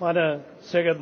meine sehr